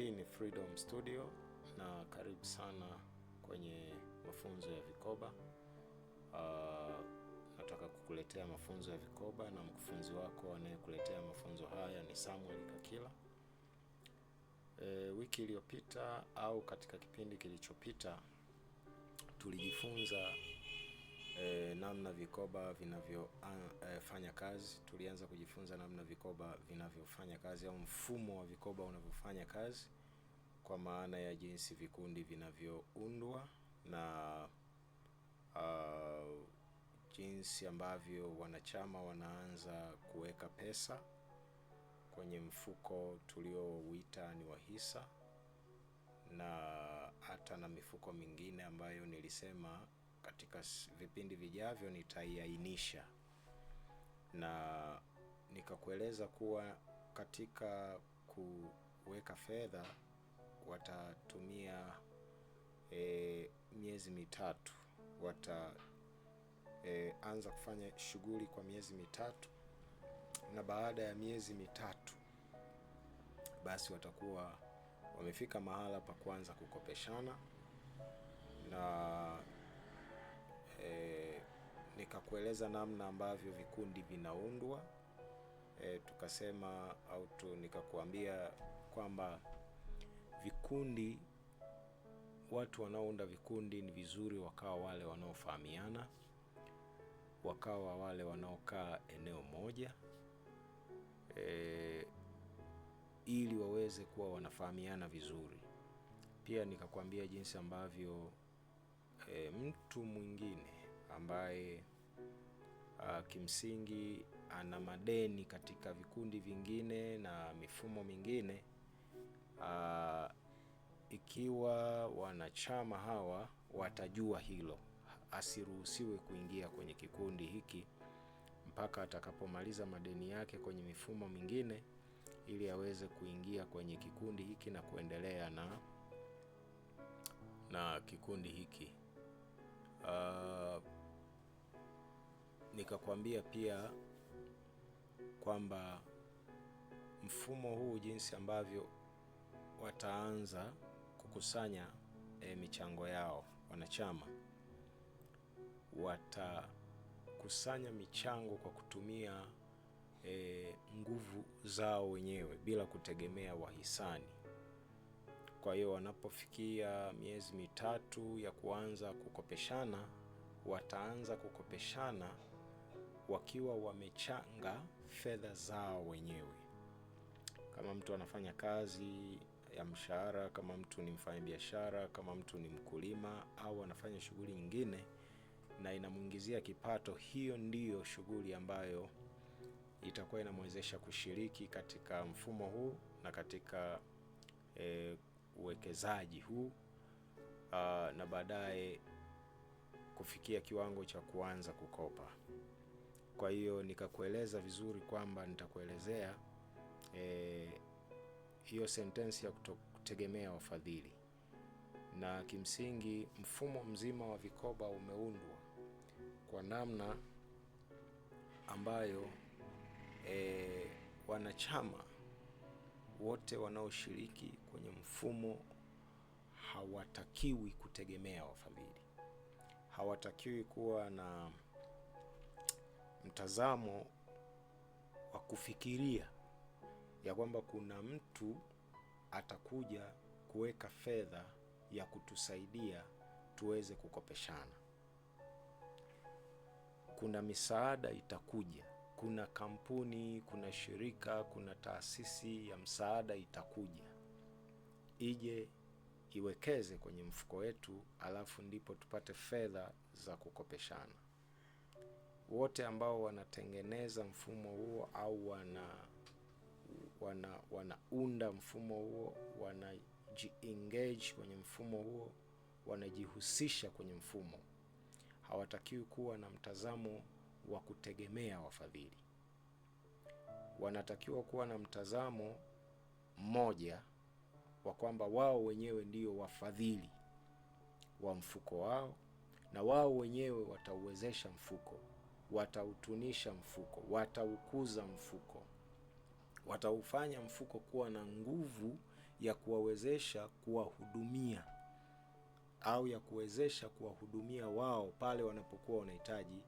Hii ni Freedom Studio na karibu sana kwenye mafunzo ya vikoba. Uh, nataka kukuletea mafunzo ya vikoba na mkufunzi wako anayekuletea mafunzo haya ni Samuel Kakila. E, wiki iliyopita au katika kipindi kilichopita tulijifunza e, namna vikoba vinavyofanya eh, kazi. Tulianza kujifunza namna vikoba vinavyofanya kazi au mfumo wa vikoba unavyofanya kazi, kwa maana ya jinsi vikundi vinavyoundwa na uh, jinsi ambavyo wanachama wanaanza kuweka pesa kwenye mfuko tuliouita ni wahisa na hata na mifuko mingine ambayo nilisema katika vipindi vijavyo nitaiainisha na nikakueleza kuwa katika kuweka fedha watatumia e, miezi mitatu wata e, anza kufanya shughuli kwa miezi mitatu, na baada ya miezi mitatu basi watakuwa wamefika mahala pa kuanza kukopeshana na e, nikakueleza namna ambavyo vikundi vinaundwa e, tukasema au tu nikakuambia kwamba vikundi, watu wanaounda vikundi ni vizuri wakawa wale wanaofahamiana, wakawa wale wanaokaa eneo moja e, ili waweze kuwa wanafahamiana vizuri. Pia nikakwambia jinsi ambavyo e, mtu mwingine ambaye a, ah, kimsingi ana madeni katika vikundi vingine na mifumo mingine a, ah, ikiwa wanachama hawa watajua hilo, asiruhusiwe kuingia kwenye kikundi hiki mpaka atakapomaliza madeni yake kwenye mifumo mingine, ili aweze kuingia kwenye kikundi hiki na kuendelea na na kikundi hiki uh, nikakwambia pia kwamba mfumo huu jinsi ambavyo wataanza kukusanya e, michango yao wanachama watakusanya michango kwa kutumia e, nguvu zao wenyewe bila kutegemea wahisani. Kwa hiyo wanapofikia miezi mitatu ya kuanza kukopeshana, wataanza kukopeshana wakiwa wamechanga fedha zao wenyewe. Kama mtu anafanya kazi ya mshahara, kama mtu ni mfanyabiashara, kama mtu ni mkulima au anafanya shughuli nyingine na inamwingizia kipato, hiyo ndiyo shughuli ambayo itakuwa inamwezesha kushiriki katika mfumo huu na katika eh, uwekezaji huu uh, na baadaye kufikia kiwango cha kuanza kukopa. Kwa hiyo nikakueleza vizuri kwamba nitakuelezea eh, hiyo e, sentensi ya kutegemea wafadhili, na kimsingi mfumo mzima wa vikoba umeundwa kwa namna ambayo e, wanachama wote wanaoshiriki kwenye mfumo hawatakiwi kutegemea wafadhili, hawatakiwi kuwa na mtazamo wa kufikiria ya kwamba kuna mtu atakuja kuweka fedha ya kutusaidia tuweze kukopeshana. Kuna misaada itakuja, kuna kampuni, kuna shirika, kuna taasisi ya msaada itakuja ije iwekeze kwenye mfuko wetu, alafu ndipo tupate fedha za kukopeshana. Wote ambao wanatengeneza mfumo huo au wana wana wanaunda mfumo huo, wanajiengage kwenye mfumo huo, wanajihusisha kwenye mfumo, hawatakiwi kuwa na mtazamo wa kutegemea wafadhili, wanatakiwa kuwa na mtazamo mmoja wa kwamba wao wenyewe ndio wafadhili wa mfuko wao na wao wenyewe watauwezesha mfuko, watautunisha mfuko, wataukuza mfuko, wataufanya mfuko kuwa na nguvu ya kuwawezesha kuwahudumia au ya kuwezesha kuwahudumia wao pale wanapokuwa wanahitaji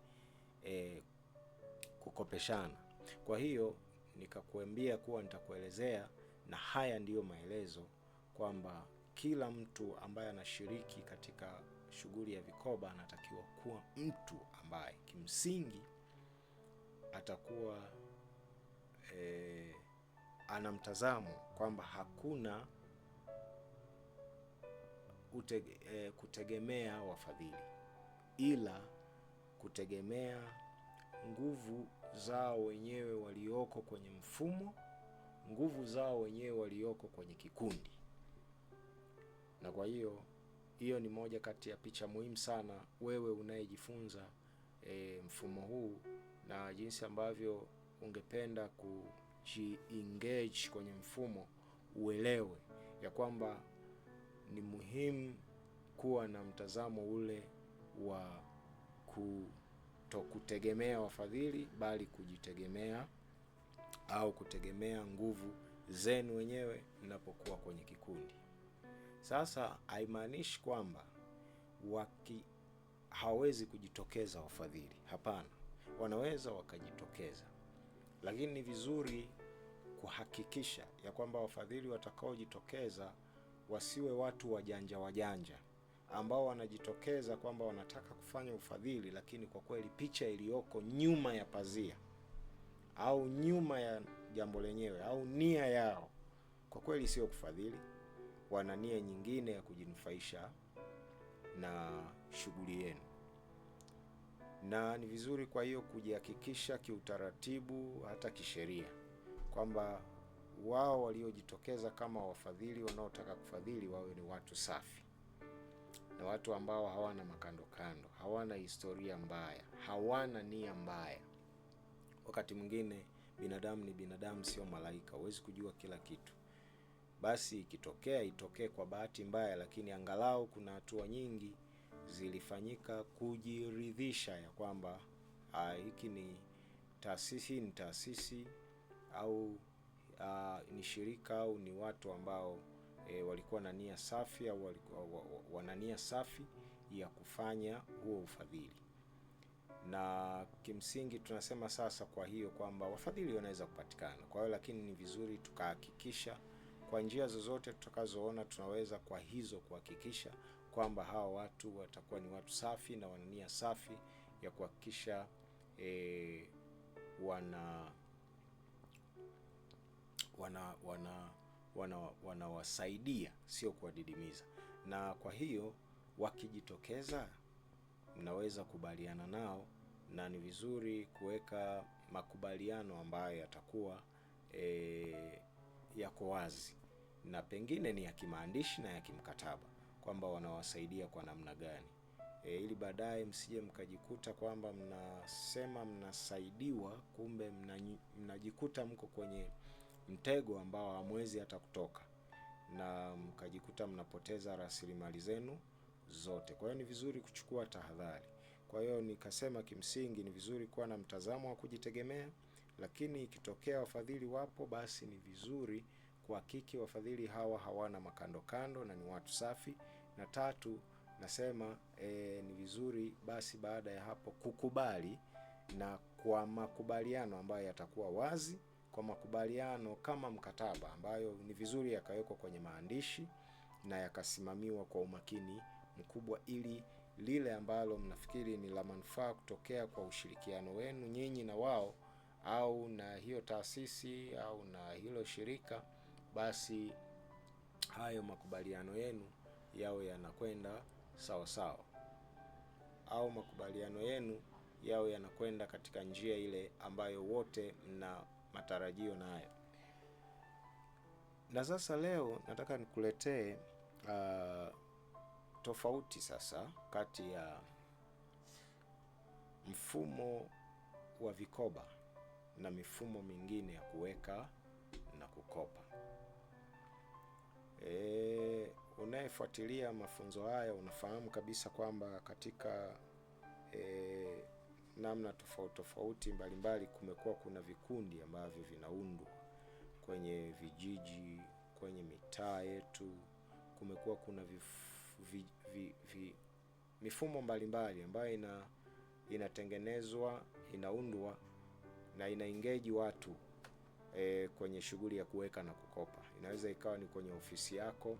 e, kukopeshana. Kwa hiyo nikakuambia kuwa nitakuelezea, na haya ndiyo maelezo kwamba kila mtu ambaye anashiriki katika shughuli ya vikoba anatakiwa kuwa mtu ambaye kimsingi atakuwa e, ana mtazamo kwamba hakuna utege, e, kutegemea wafadhili ila kutegemea nguvu zao wenyewe walioko kwenye mfumo, nguvu zao wenyewe walioko kwenye kikundi na kwa hiyo hiyo ni moja kati ya picha muhimu sana wewe unayejifunza e, mfumo huu na jinsi ambavyo ungependa kujiengage kwenye mfumo, uelewe ya kwamba ni muhimu kuwa na mtazamo ule wa kutokutegemea wafadhili, bali kujitegemea au kutegemea nguvu zenu wenyewe mnapokuwa kwenye kikundi. Sasa haimaanishi kwamba waki hawawezi kujitokeza wafadhili, hapana, wanaweza wakajitokeza, lakini ni vizuri kuhakikisha ya kwamba wafadhili watakaojitokeza wasiwe watu wajanja wajanja ambao wanajitokeza kwamba wanataka kufanya ufadhili, lakini kwa kweli picha iliyoko nyuma ya pazia au nyuma ya jambo lenyewe au nia yao kwa kweli sio kufadhili wana nia nyingine ya kujinufaisha na shughuli yenu, na ni vizuri kwa hiyo kujihakikisha kiutaratibu, hata kisheria kwamba wao waliojitokeza kama wafadhili wanaotaka kufadhili wawe ni watu safi na watu ambao hawana makando kando hawana historia mbaya, hawana nia mbaya. Wakati mwingine binadamu ni binadamu, sio malaika, huwezi kujua kila kitu basi ikitokea itokee kwa bahati mbaya, lakini angalau kuna hatua nyingi zilifanyika kujiridhisha ya kwamba hiki ni taasisi ni taasisi au a, ni shirika au ni watu ambao e, walikuwa na nia safi au wana nia safi ya kufanya huo ufadhili na kimsingi tunasema sasa, kwa hiyo kwamba wafadhili wanaweza kupatikana. Kwa hiyo lakini ni vizuri tukahakikisha kwa njia zozote tutakazoona tunaweza kwa hizo kuhakikisha kwamba hawa watu watakuwa ni watu safi na wanania safi ya kuhakikisha e, wana wana wana wanawasaidia wana sio kuwadidimiza. Na kwa hiyo wakijitokeza, mnaweza kubaliana nao na ni vizuri kuweka makubaliano ambayo yatakuwa e, yako wazi na pengine ni ya kimaandishi na ya kimkataba kwamba wanawasaidia kwa namna gani e, ili baadaye msije mkajikuta kwamba mnasema mnasaidiwa, kumbe mnajikuta mko kwenye mtego ambao hamwezi hata kutoka na mkajikuta mnapoteza rasilimali zenu zote. Kwa hiyo ni vizuri kuchukua tahadhari. Kwa hiyo nikasema kimsingi ni vizuri kuwa na mtazamo wa kujitegemea, lakini ikitokea wafadhili wapo, basi ni vizuri kwa wafadhili hawa hawana makandokando na ni watu safi. Na tatu nasema e, ni vizuri basi baada ya hapo kukubali na kwa makubaliano ambayo yatakuwa wazi, kwa makubaliano kama mkataba ambayo ni vizuri yakawekwa kwenye maandishi na yakasimamiwa kwa umakini mkubwa, ili lile ambalo mnafikiri ni la manufaa kutokea kwa ushirikiano wenu nyinyi na wao, au na hiyo taasisi au na hilo shirika basi hayo makubaliano yenu yawe yanakwenda sawa sawa, au makubaliano yenu yawe yanakwenda katika njia ile ambayo wote mna matarajio nayo. Na sasa leo nataka nikuletee uh, tofauti sasa kati ya mfumo wa vikoba na mifumo mingine ya kuweka na kukopa. E, unayefuatilia mafunzo haya unafahamu kabisa kwamba katika e, namna tofauti tofauti mbalimbali kumekuwa kuna vikundi ambavyo vinaundwa kwenye vijiji, kwenye mitaa yetu. Kumekuwa kuna vif, vi, vi, vi, mifumo mbalimbali ambayo ina inatengenezwa inaundwa na inaingeji watu e, kwenye shughuli ya kuweka na kukopa. Inaweza ikawa ni kwenye ofisi yako,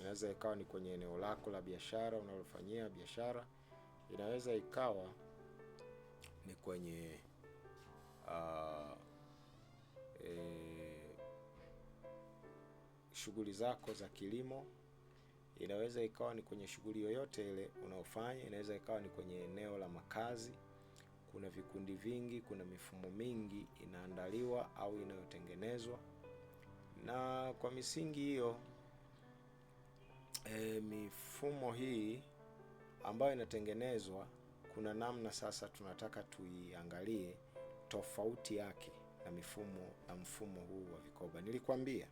inaweza ikawa ni kwenye eneo lako la biashara unalofanyia biashara, inaweza ikawa ni kwenye uh, e, shughuli zako za kilimo inaweza ikawa ni kwenye shughuli yoyote ile unaofanya, inaweza ikawa ni kwenye eneo la makazi. Kuna vikundi vingi, kuna mifumo mingi inaandaliwa au inayotengenezwa na kwa misingi hiyo e, mifumo hii ambayo inatengenezwa kuna namna sasa tunataka tuiangalie tofauti yake na mifumo na mfumo huu wa vikoba. Nilikwambia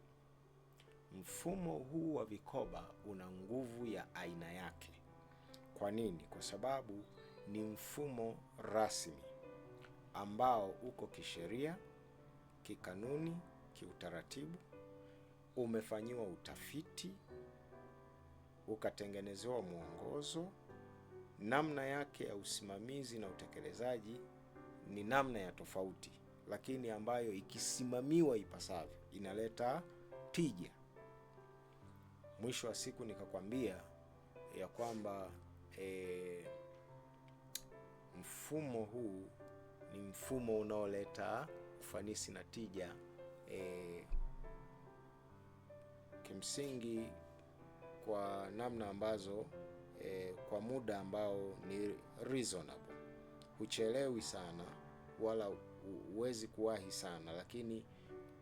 mfumo huu wa vikoba una nguvu ya aina yake. Kwa nini? Kwa sababu ni mfumo rasmi ambao uko kisheria, kikanuni, kiutaratibu umefanyiwa utafiti, ukatengenezewa mwongozo. Namna yake ya usimamizi na utekelezaji ni namna ya tofauti, lakini ambayo ikisimamiwa ipasavyo inaleta tija. Mwisho wa siku nikakwambia ya kwamba e, mfumo huu ni mfumo unaoleta ufanisi na tija e, kimsingi kwa namna ambazo e, kwa muda ambao ni reasonable, huchelewi sana wala huwezi kuwahi sana, lakini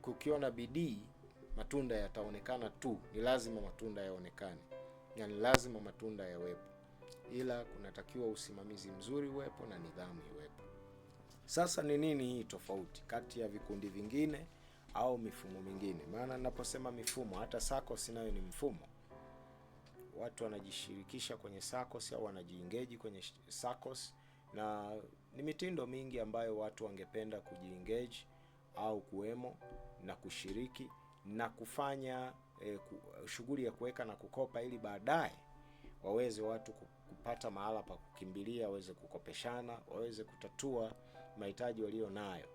kukiwa na bidii matunda yataonekana tu. Ni lazima matunda yaonekane na ni lazima matunda yawepo, ila kunatakiwa usimamizi mzuri uwepo na nidhamu iwepo. Sasa ni nini hii tofauti kati ya vikundi vingine? au mifumo mingine. Maana ninaposema mifumo, hata SACCOS nayo ni mfumo. Watu wanajishirikisha kwenye SACCOS au wanajiingeji kwenye SACCOS, na ni mitindo mingi ambayo watu wangependa kujiengage au kuwemo na kushiriki na kufanya eh, shughuli ya kuweka na kukopa ili baadaye waweze watu kupata mahala pa kukimbilia, waweze kukopeshana, waweze kutatua mahitaji walio nayo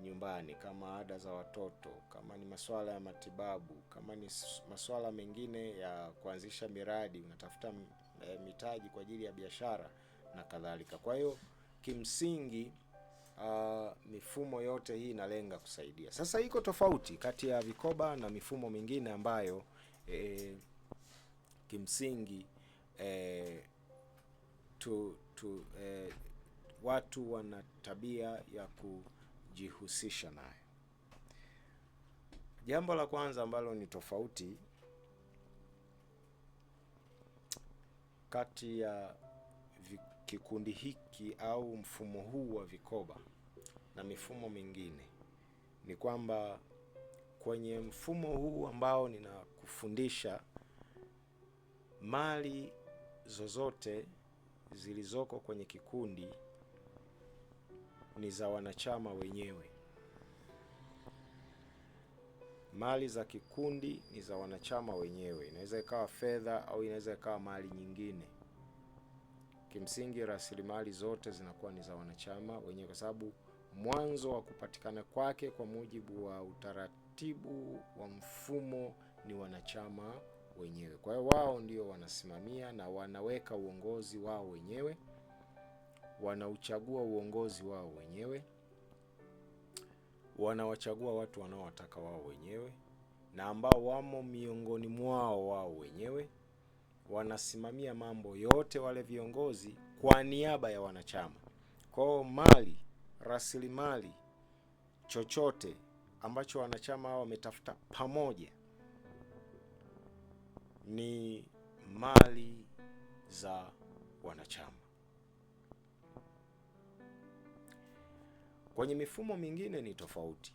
nyumbani, kama ada za watoto, kama ni masuala ya matibabu, kama ni masuala mengine ya kuanzisha miradi, unatafuta e, mitaji kwa ajili ya biashara na kadhalika. Kwa hiyo kimsingi Uh, mifumo yote hii inalenga kusaidia. Sasa iko tofauti kati ya vikoba na mifumo mingine ambayo eh, kimsingi eh, tu, tu, eh, watu wana tabia ya ku kujihusisha nayo. Jambo la kwanza ambalo ni tofauti kati ya kikundi hiki au mfumo huu wa vikoba na mifumo mingine ni kwamba kwenye mfumo huu ambao ninakufundisha, mali zozote zilizoko kwenye kikundi ni za wanachama wenyewe. Mali za kikundi ni za wanachama wenyewe, inaweza ikawa fedha au inaweza ikawa mali nyingine. Kimsingi rasilimali zote zinakuwa ni za wanachama wenyewe, kwa sababu mwanzo wa kupatikana kwake kwa mujibu wa utaratibu wa mfumo ni wanachama wenyewe. Kwa hiyo wao ndio wanasimamia na wanaweka uongozi wao wenyewe wanauchagua uongozi wao wenyewe, wanawachagua watu wanaowataka wao wenyewe na ambao wamo miongoni mwao wao wenyewe, wanasimamia mambo yote wale viongozi kwa niaba ya wanachama. Kwao mali, rasilimali, chochote ambacho wanachama hao wametafuta pamoja ni mali za wanachama. Kwenye mifumo mingine ni tofauti.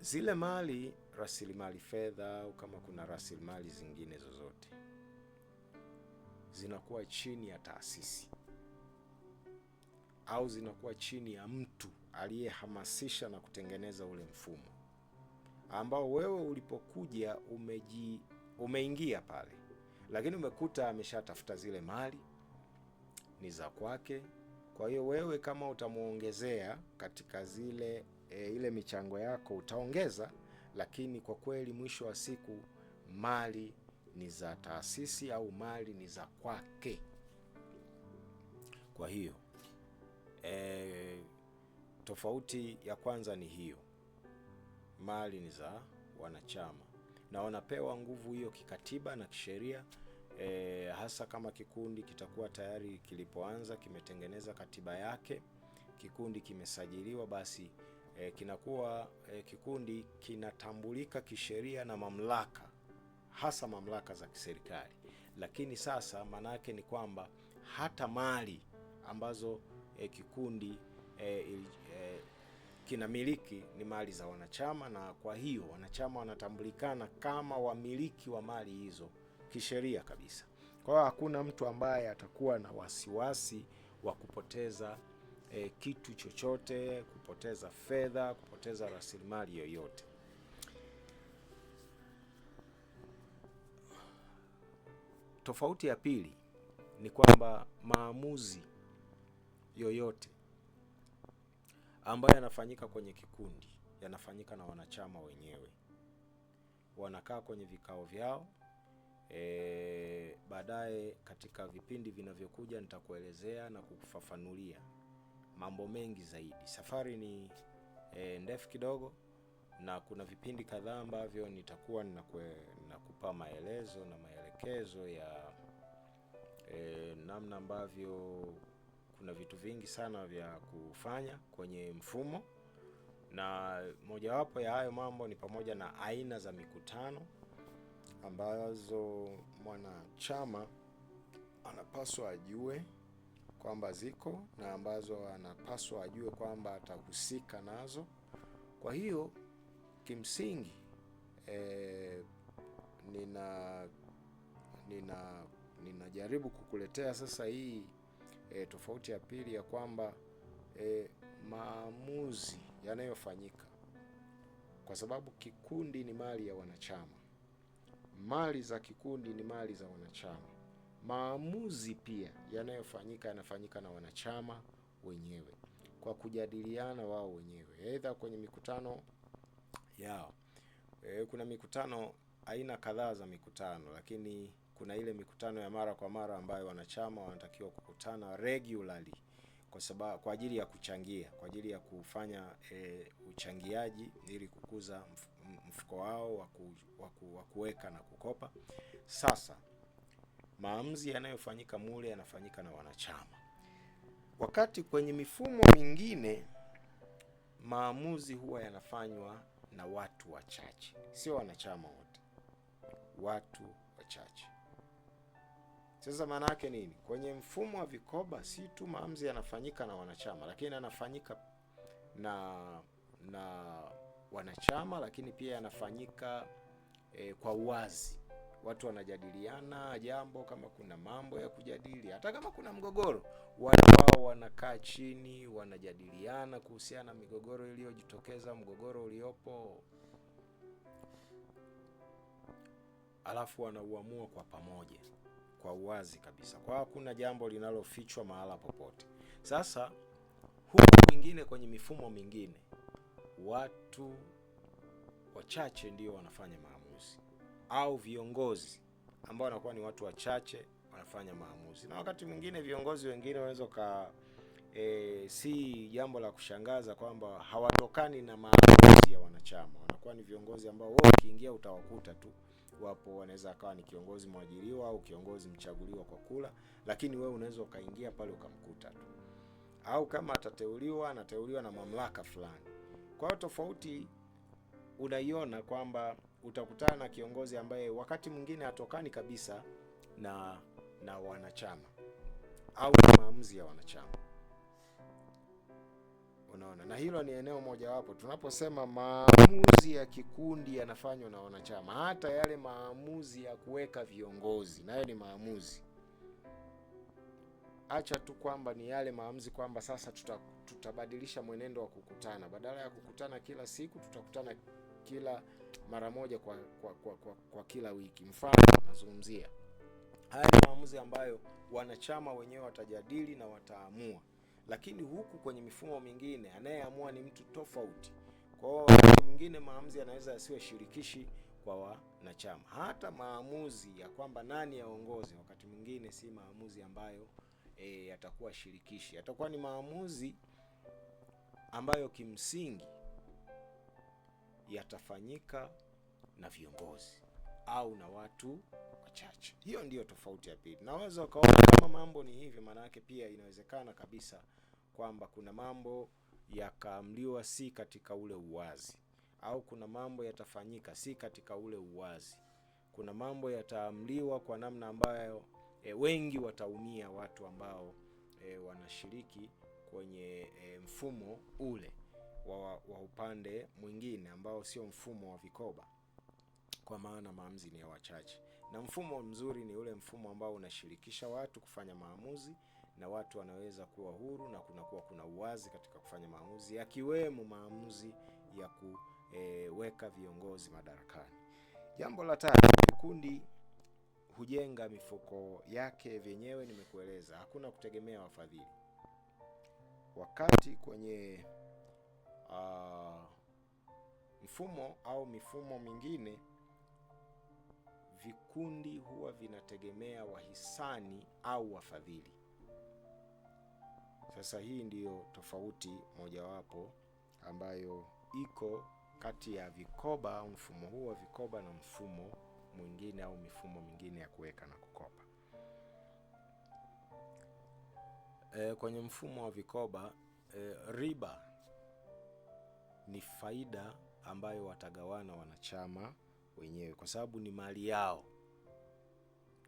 Zile mali rasilimali fedha au kama kuna rasilimali zingine zozote zinakuwa chini ya taasisi au zinakuwa chini ya mtu aliyehamasisha na kutengeneza ule mfumo ambao wewe ulipokuja umeji umeingia pale lakini umekuta ameshatafuta zile mali ni za kwake. Kwa hiyo wewe kama utamwongezea katika zile e, ile michango yako utaongeza, lakini kwa kweli mwisho wa siku mali ni za taasisi au mali ni za kwake. Kwa hiyo e, tofauti ya kwanza ni hiyo, mali ni za wanachama na wanapewa nguvu hiyo kikatiba na kisheria e, hasa kama kikundi kitakuwa tayari kilipoanza kimetengeneza katiba yake, kikundi kimesajiliwa, basi e, kinakuwa e, kikundi kinatambulika kisheria na mamlaka, hasa mamlaka za kiserikali. Lakini sasa maana yake ni kwamba hata mali ambazo e, kikundi e, e, kinamiliki ni mali za wanachama, na kwa hiyo wanachama wanatambulikana kama wamiliki wa mali hizo kisheria kabisa. Kwa hiyo hakuna mtu ambaye atakuwa na wasiwasi wa kupoteza e, kitu chochote, kupoteza fedha, kupoteza rasilimali yoyote. Tofauti ya pili ni kwamba maamuzi yoyote ambayo yanafanyika kwenye kikundi yanafanyika na wanachama wenyewe. Wanakaa kwenye vikao vyao E, baadaye katika vipindi vinavyokuja nitakuelezea na kukufafanulia mambo mengi zaidi. Safari ni e, ndefu kidogo na kuna vipindi kadhaa ambavyo nitakuwa ninakupa maelezo na maelekezo ya e, namna ambavyo kuna vitu vingi sana vya kufanya kwenye mfumo, na mojawapo ya hayo mambo ni pamoja na aina za mikutano ambazo mwanachama anapaswa ajue kwamba ziko na ambazo anapaswa ajue kwamba atahusika nazo. Kwa hiyo kimsingi e, nina nina ninajaribu kukuletea sasa hii e, tofauti ya pili ya kwamba e, maamuzi yanayofanyika kwa sababu kikundi ni mali ya wanachama Mali za kikundi ni mali za wanachama. Maamuzi pia yanayofanyika yanafanyika na wanachama wenyewe kwa kujadiliana wao wenyewe, aidha kwenye mikutano yao. E, kuna mikutano aina kadhaa za mikutano, lakini kuna ile mikutano ya mara kwa mara ambayo wanachama wanatakiwa kukutana regularly kwa sababu kwa ajili ya kuchangia, kwa ajili ya kufanya e, uchangiaji ili kukuza mfuko mfuko wao wa kuweka na kukopa. Sasa maamuzi yanayofanyika mule yanafanyika na wanachama, wakati kwenye mifumo mingine maamuzi huwa yanafanywa na watu wachache, sio wanachama wote, watu wachache. Sasa maana yake nini? Kwenye mfumo wa vikoba, si tu maamuzi yanafanyika na wanachama, lakini yanafanyika na na wanachama, lakini pia yanafanyika e, kwa uwazi. Watu wanajadiliana jambo, kama kuna mambo ya kujadili, hata kama kuna mgogoro, watu wao wanakaa chini, wanajadiliana kuhusiana na migogoro iliyojitokeza, mgogoro uliopo, alafu wanauamua kwa pamoja, kwa uwazi kabisa, kwa hakuna jambo linalofichwa mahala popote. Sasa huku kwingine, kwenye mifumo mingine watu wachache ndio wanafanya maamuzi au viongozi ambao wanakuwa ni watu wachache wanafanya maamuzi, na wakati mwingine viongozi wengine wanaweza ka e, si jambo la kushangaza kwamba hawatokani na maamuzi ya wanachama. Wanakuwa ni viongozi ambao wao ukiingia utawakuta tu wapo. Wanaweza akawa ni kiongozi mwajiriwa au kiongozi mchaguliwa kwa kula, lakini wewe unaweza ukaingia pale ukamkuta tu, au kama atateuliwa anateuliwa na mamlaka fulani kwa hiyo tofauti unaiona kwamba utakutana na kiongozi ambaye wakati mwingine hatokani kabisa na na wanachama au na maamuzi ya wanachama. Unaona, na hilo ni eneo mojawapo. Tunaposema maamuzi ya kikundi yanafanywa na wanachama, hata yale maamuzi ya kuweka viongozi nayo ni maamuzi acha tu kwamba ni yale maamuzi kwamba sasa tuta, tutabadilisha mwenendo wa kukutana. Badala ya kukutana kila siku, tutakutana kila mara moja kwa, kwa, kwa, kwa, kwa kila wiki. Mfano nazungumzia haya ni maamuzi ambayo wanachama wenyewe watajadili na wataamua, lakini huku kwenye mifumo mingine anayeamua ni mtu tofauti. Kwa hiyo wakati mwingine maamuzi yanaweza yasiwe shirikishi kwa wanachama. Hata maamuzi ya kwamba nani aongoze, wakati mwingine si maamuzi ambayo e, yatakuwa shirikishi, yatakuwa ni maamuzi ambayo kimsingi yatafanyika na viongozi au na watu wachache. Hiyo ndiyo tofauti ya pili. Naweza ukaona kama mambo ni hivi, maana yake pia inawezekana kabisa kwamba kuna mambo yakaamliwa si katika ule uwazi, au kuna mambo yatafanyika si katika ule uwazi, kuna mambo yataamliwa kwa namna ambayo e, wengi wataumia watu ambao e, wanashiriki kwenye e, mfumo ule wa, wa upande mwingine ambao sio mfumo wa vikoba, kwa maana maamuzi ni ya wachache, na mfumo mzuri ni ule mfumo ambao unashirikisha watu kufanya maamuzi na watu wanaweza kuwa huru na kunakuwa kuna uwazi katika kufanya maamuzi, yakiwemo maamuzi ya kuweka e, viongozi madarakani. Jambo la tatu, vikundi hujenga mifuko yake vyenyewe. Nimekueleza hakuna kutegemea wafadhili. Wakati kwenye uh, ah, mfumo au mifumo mingine vikundi huwa vinategemea wahisani au wafadhili. Sasa hii ndiyo tofauti mojawapo ambayo iko kati ya vikoba mfumo huu wa vikoba na mfumo mwingine au mifumo mingine ya kuweka na kukopa. E, kwenye mfumo wa vikoba e, riba ni faida ambayo watagawana wanachama wenyewe kwa sababu ni mali yao.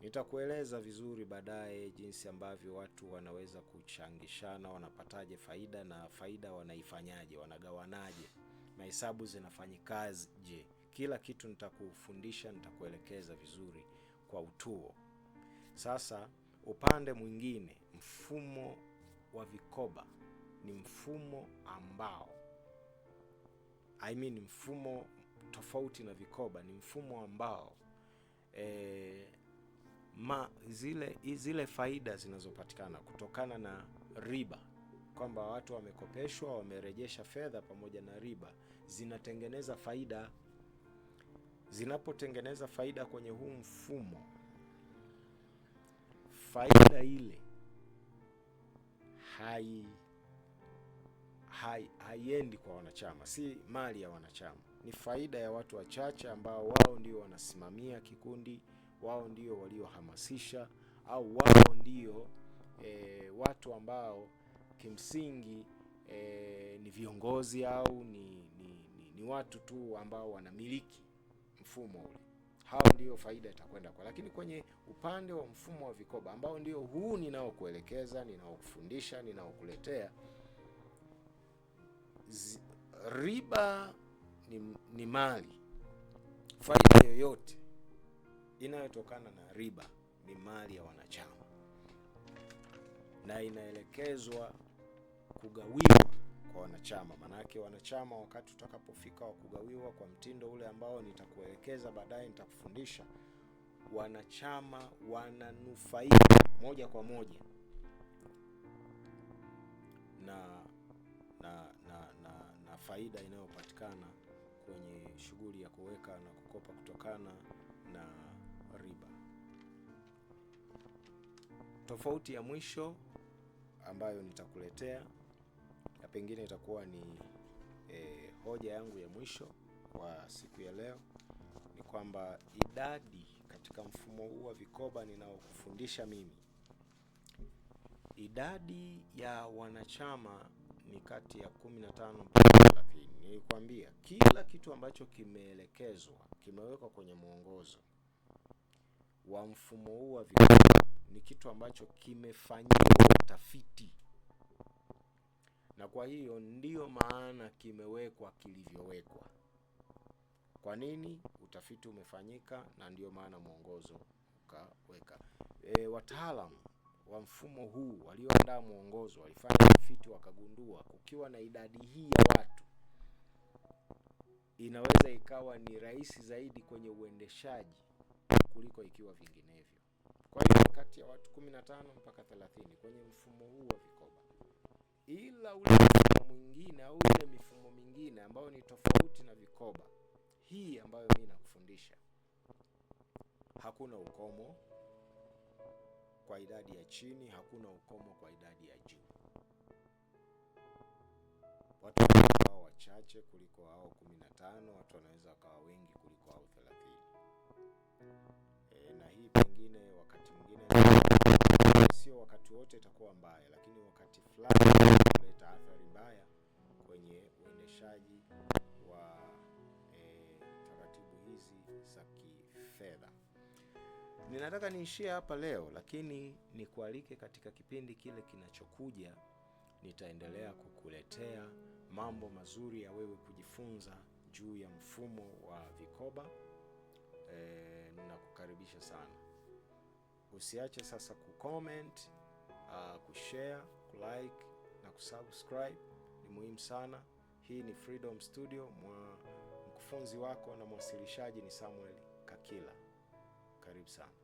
Nitakueleza vizuri baadaye jinsi ambavyo watu wanaweza kuchangishana, wanapataje faida na faida wanaifanyaje, wanagawanaje, na hesabu zinafanyikaje kila kitu nitakufundisha, nitakuelekeza vizuri kwa utuo. Sasa upande mwingine, mfumo wa vikoba ni mfumo ambao I mean, mfumo tofauti na vikoba, ni mfumo ambao e, ma, zile, zile faida zinazopatikana kutokana na riba kwamba watu wamekopeshwa, wamerejesha fedha pamoja na riba zinatengeneza faida zinapotengeneza faida kwenye huu mfumo, faida ile hai hai haiendi kwa wanachama, si mali ya wanachama, ni faida ya watu wachache ambao wao ndio wanasimamia kikundi, wao ndio waliohamasisha, au wao ndio e, watu ambao kimsingi e, ni viongozi au ni, ni, ni, ni watu tu ambao wanamiliki mfumo ule. Hao ndiyo faida itakwenda kwa, lakini kwenye upande wa mfumo wa vikoba ambao ndio huu ninaokuelekeza, ninaokufundisha, ninaokuletea, riba ni, ni mali. Faida yoyote inayotokana na riba ni mali ya wanachama na inaelekezwa kugawiwa kwa wanachama, maanake wanachama wakati utakapofika wakugawiwa kwa mtindo ule ambao nitakuelekeza baadaye, nitakufundisha, wanachama wananufaika moja kwa moja na na na na, na faida inayopatikana kwenye shughuli ya kuweka na kukopa kutokana na riba. Tofauti ya mwisho ambayo nitakuletea pengine itakuwa ni e, hoja yangu ya mwisho kwa siku ya leo ni kwamba idadi katika mfumo huu wa vikoba ninaokufundisha mimi, idadi ya wanachama ni kati ya 15 mpaka 30. Nilikwambia kila kitu ambacho kimeelekezwa kimewekwa kwenye mwongozo wa mfumo huu wa vikoba ni kitu ambacho kimefanyiwa utafiti na kwa hiyo ndiyo maana kimewekwa kilivyowekwa. Kwa nini? Utafiti umefanyika na ndiyo maana mwongozo ukaweka. E, wataalamu wa mfumo huu walioandaa mwongozo walifanya utafiti, wakagundua kukiwa na idadi hii ya watu inaweza ikawa ni rahisi zaidi kwenye uendeshaji kuliko ikiwa vinginevyo. Kwa hiyo kati ya watu 15 mpaka 30 kwenye mfumo huu wa vikoba ila ule mfumo mwingine au ile mifumo mingine ambayo ni tofauti na vikoba hii ambayo mimi nakufundisha, hakuna ukomo kwa idadi ya chini, hakuna ukomo kwa idadi ya juu. Watu wao wachache kuliko hao kumi na tano, watu wanaweza wakawa wengi kuliko hao thelathini. E, na hii pengine wakati mwingine sio wakati wote itakuwa mbaya, lakini wakati fulani inaleta athari mbaya kwenye uendeshaji wa e, taratibu hizi za kifedha. Ninataka niishie hapa leo, lakini nikualike katika kipindi kile kinachokuja. Nitaendelea kukuletea mambo mazuri ya wewe kujifunza juu ya mfumo wa vikoba. E, eh, nakukaribisha sana. Usiache sasa kucomment, uh, kushare, kulike na kusubscribe, ni muhimu sana. Hii ni Freedom Studio, mwa mkufunzi wako na mwasilishaji ni Samuel Kakila. Karibu sana.